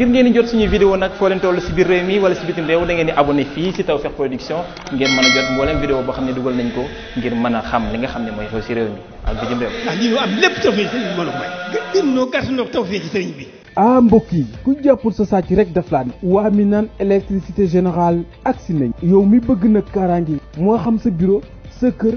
ngir ngeen di jot suñuy vidéo nag foo leen toll si biir réew mi wala si bitim réew da ngeen di abonné fii si Tawfekh Production ngeen mën a jot mboolem vidéo boo xam ne dugal nañ ko ngir mën a xam li nga xam ne mooy xew si réew mi ak bitim réew. ndax ah, lii ñu am lépp tawfeeg ci sëriñ bi mbooloo mooy. gën gën ñoo gàtt ñoo tawfeeg ci sëriñ bi. ah mbokk yi ku jàppul sa sàcc rek daf laa ne. waa mi naan électricité générale agsi nañ. yow mi bëgg nag kaaraange moo xam sa biro sa kër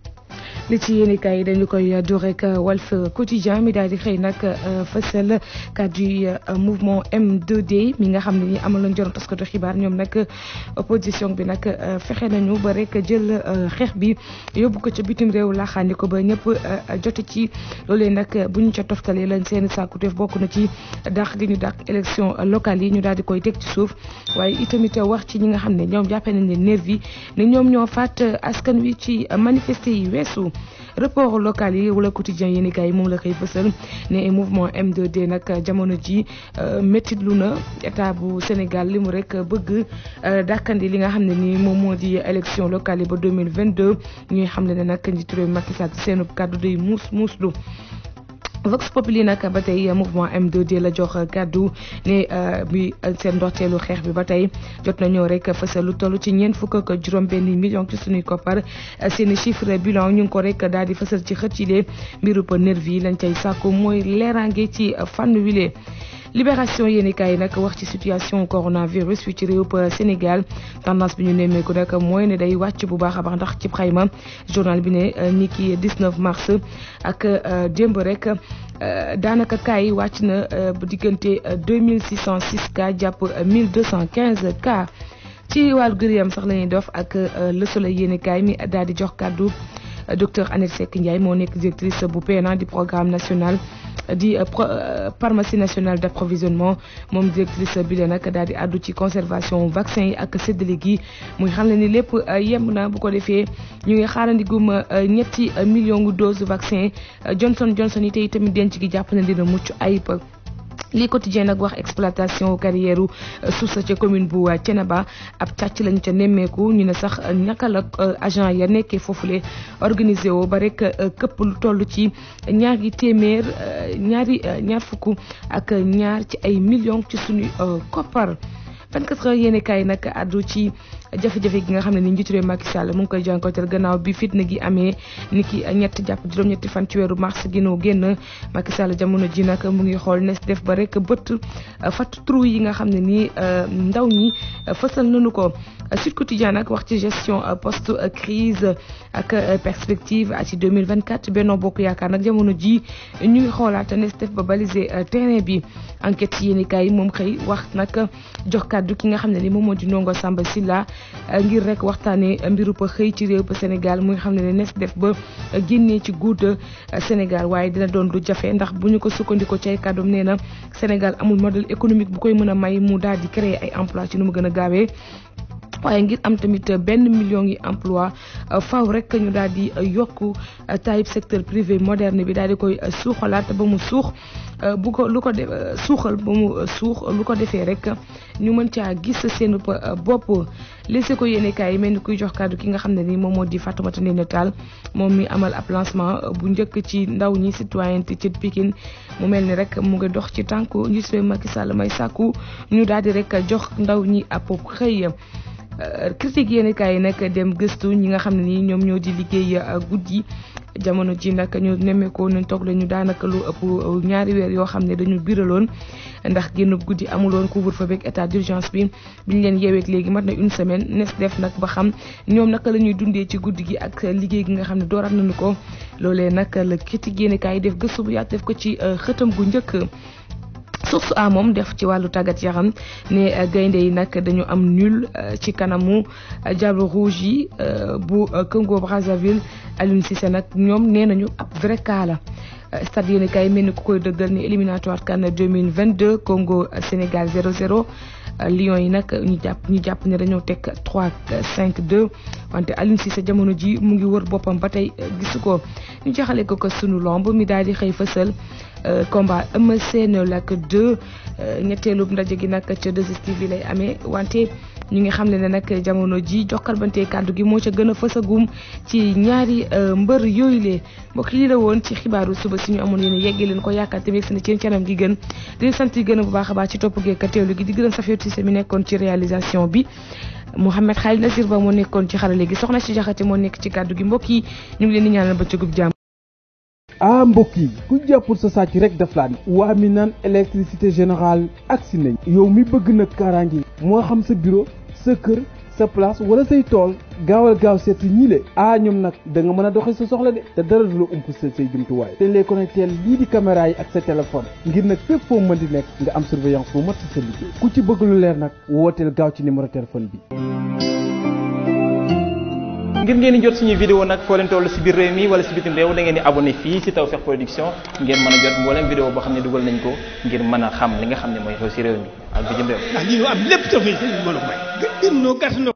li ci yéenekaay yi dañu koy du rek euh, Walf Quotidien mi daal di xëy nag euh, fësal kàddu yi euh, mouvement M2D mi nga xam ne ni amaloon joroon taskatu xibaar ñoom nag opposition bi nag fexe nañu ba rek jël xeex bi yóbbu ko ca bitim réew laaxaandi ko ba ñëpp jote ci loolee nag bu ñu ca toftalee lañ seen sàkkuteef bokk na ci dàq gi ñu dàq élection locale yi ñu daal di koy teg ci suuf waaye itamit wax ci ñi nga xam ne ñoom jàppee nañ ne nervi ne ñoom ñoo faat askan wi ci manifester yi weesu report local yi wala quotidien yi ni kay moom la koy fësal ne mouvement M2D nag jamono ji euh, métitlu na état bu Sénégal li mu rek bëgg euh, dàkkandi li nga xam ne ni moom moo di élection locale yi ba mille 2022 ñuy xam ne nag njiitu réew Macky Sall seenub kàddu day muus muuslu Vox Populi nag ba tey mouvement m 2 la jox kàddu ne euh, bi euh, seen teelu xeex bi ba tey jot na ñëw rek fësal lu toll ci ñeent fukk ak juróom-benn million ci suñuy koppar euh, seen chiffre bilan ñu ngi ko rek daal di fësal ci xët yi de mbiru nervi lañ cay sàkku mooy leeraange ci fànn wile. libération yéeni kaay nag wax ci situation coronavirus fii ci réewum euh, Sénégal tendance bi ñu nemmeeku nag mooy ne day wàcc bu baax a baax ndax ci xayma journal bi ne euh, niki ki 19 mars ak euh, démb rek daanaka cas wàcc na bu diggante 2606 cas jàpp 1215 cas ci wàllu gërëm sax la ñuy def ak le soleil kaay mi daal di jox kàddu. docteur Annette Seck Ndiaye moo nekk directrice bu PNA di programme national di euh, euh, pharmacie nationale d' approvisionnement moom directrice bi la nag daal di àddu ci conservation vaccin yi ak séddale gi muy xam ne ni lépp euh, yemb naa bu ko defee ñu ngi xaarandi gum ñetti million dose vaccin Johnson Johnson yi tey tamit denc gi jàpp na dina mucc ayib. lii quotidien nag wax exploitation carrière euh, suuf sa ca commune bu euh, Thiénaba ab càcc lañu ca nemmeeku ñu ne sax naka euh, la agent ya nekkee foofule organisé woo ba rek këpp lu toll ci ñaari téeméer ñaari ñaar fukk ak ñaar ci ay millions ci suñu koppar 24 heures addu ci. jafe-jafe gi nga xam ne ni njiitu réew Macky Sall mu ngi koy jànkonteel gannaaw bi fitna gi amee ni ki ñett jàpp juróom-ñetti fan ci weeru mars gi nu génn Macky jamono ji nag mu ngi xool nes def ba rek bët fatt trou yi nga xam ne nii ndaw ñi fësal nañu ko Sud Quotidien nag wax ci gestion post crise ak perspective ci mille 2024 Benno Bokk Yaakaar nag jamono ji ñu ngi xoolaat nes def ba baliser euh, terrain bi enquête yéenekaay yi moom xëy wax nag jox kàddu ki nga xam ne ni moom moo di nongo Samba Sylla ngir rek waxtaanee mbiru pa xëy ci réew ba Sénégal muy xam ne ne nees def ba génnee ci guuta euh, Sénégal waaye dina doon du jafe ndax bu ñu ko sukkandikoo ci ay nee na Sénégal amul modèle économique bu koy mën a may mu daal di créer ay emploi ci nu mu gën a gaawee. waaye ngir am tamit benn million yi emploi euh, faw rek ñu daal di yokk euh, taayib secteur privé moderne bi daal di koy suuxalaat ba mu suux Euh, bu ko lu ko def euh, suuxal ba mu euh, suux lu ko defee rek ñu mën caa gis seen bopp léegi ko yéene kaay mel ni kuy jox kàddu ki nga xam ne ni moom moo di Fatoumata Ndéné Tall moom mi amal ab lancement bu njëkk ci ndaw ñi citoyenneté ci pikin mu mel ni rek mu nga dox ci tànku njiit Macky Sall may sàkku ñu daal di rek jox ndaw ñi ab xëy critique euh, yéen kaay yi nag dem gëstu ñi nga xam ne nii ñoom ñoo di liggéey euh, guddi jamono ji nag ñu nemmeekoo nañ toog la ñu daanaka lu ëpp euh, ñaari weer yoo xam ne dañu biraloon ndax génn guddi amuloon couvre-feu beeg état d'urgence bi biñ leen yeeweeg léegi mat na une semaine nes def nag ba xam ñoom naka lañuy dundee ci guddi gi ak liggéey gi nga xam ne dooraat nañu ko loolee nag la critique yéen kaay yi def gëstu bu yaatu def ko ci xëtam gu njëkk source a moom def ci wàllu tàggat yaram ne euh, gaynde yi nag dañu am nul euh, ci kanamu euh, Diable Rouge yi bu Congo Brazzaville Aliou Cissé nag ñoom nee nañu ab vrai cas la stade yéen kay mel ni ku koy dëggal ni éliminatoire CAN 2022 Congo Sénégal 0-0 Lions yi nag ñu jàpp ñu jàpp ne dañoo teg 3 cinq deux wante Aliou Cissé jamono ji mu ngi wër boppam ba tey euh, gisu ko ñu jaxale ko ko sunu lomb mi daal di xëy fësal euh, combat Eumeu Sène Lac 2 euh, ñetteelu ndaje gi nag ca 2STV lay amee wante. ñu ngi xam ne ne nag jamono ji jokkalbante kàddu gi moo ca gën a fësagum ci ñaari euh, mbër yooyu lee mbokk yi la woon ci xibaaru suba si ñu amoon yéen yeggee leen ko yaakaar tamit seen ci kanam gi gën di sant yi baax a baax ci topp di gërëm Safiatou Cissé nekkoon ci réalisation bi Mouhamed Khalil Nasir Ba moo nekkoon ci xarale gi soxna si jaxate moo nekk ci kàddu gi mbokk yi ñu ngi leen di ñaanal bëccëgub jàmm ah mbokk yi ku jàppul sa sàcc rek daf laan waa mi naan électricité générale agsi nañ yow mi bëgg nag kaaraange moo xam sa bureau sa kër sa place wala say tool gaawal gaaw seet si ñi ah ñoom nag da nga mën a doxee sa soxla de te dara du la ump sa say jumtuwaay te ñu lay lii di caméra yi ak sa téléphone ngir nag fépp foo mën di nekk nga am surveillance bu mat si sa liggéey ku ci bëgg lu leer nag wooteel gaaw ci numéro téléphone bi. ngir ngeen jot suñuy vidéo nag foo toll si biir réew mi wala si bitim réew da di abonné fii si Tawfekh Production ngeen mën a jot mboolem vidéo boo xam ne dugal nañ ko ngir mën a xam li nga xam ne mooy xew si réew mi ak bitim réew. ndax lii am lépp tawfeex sëriñ bi mën a may. gën noo gàtt noo.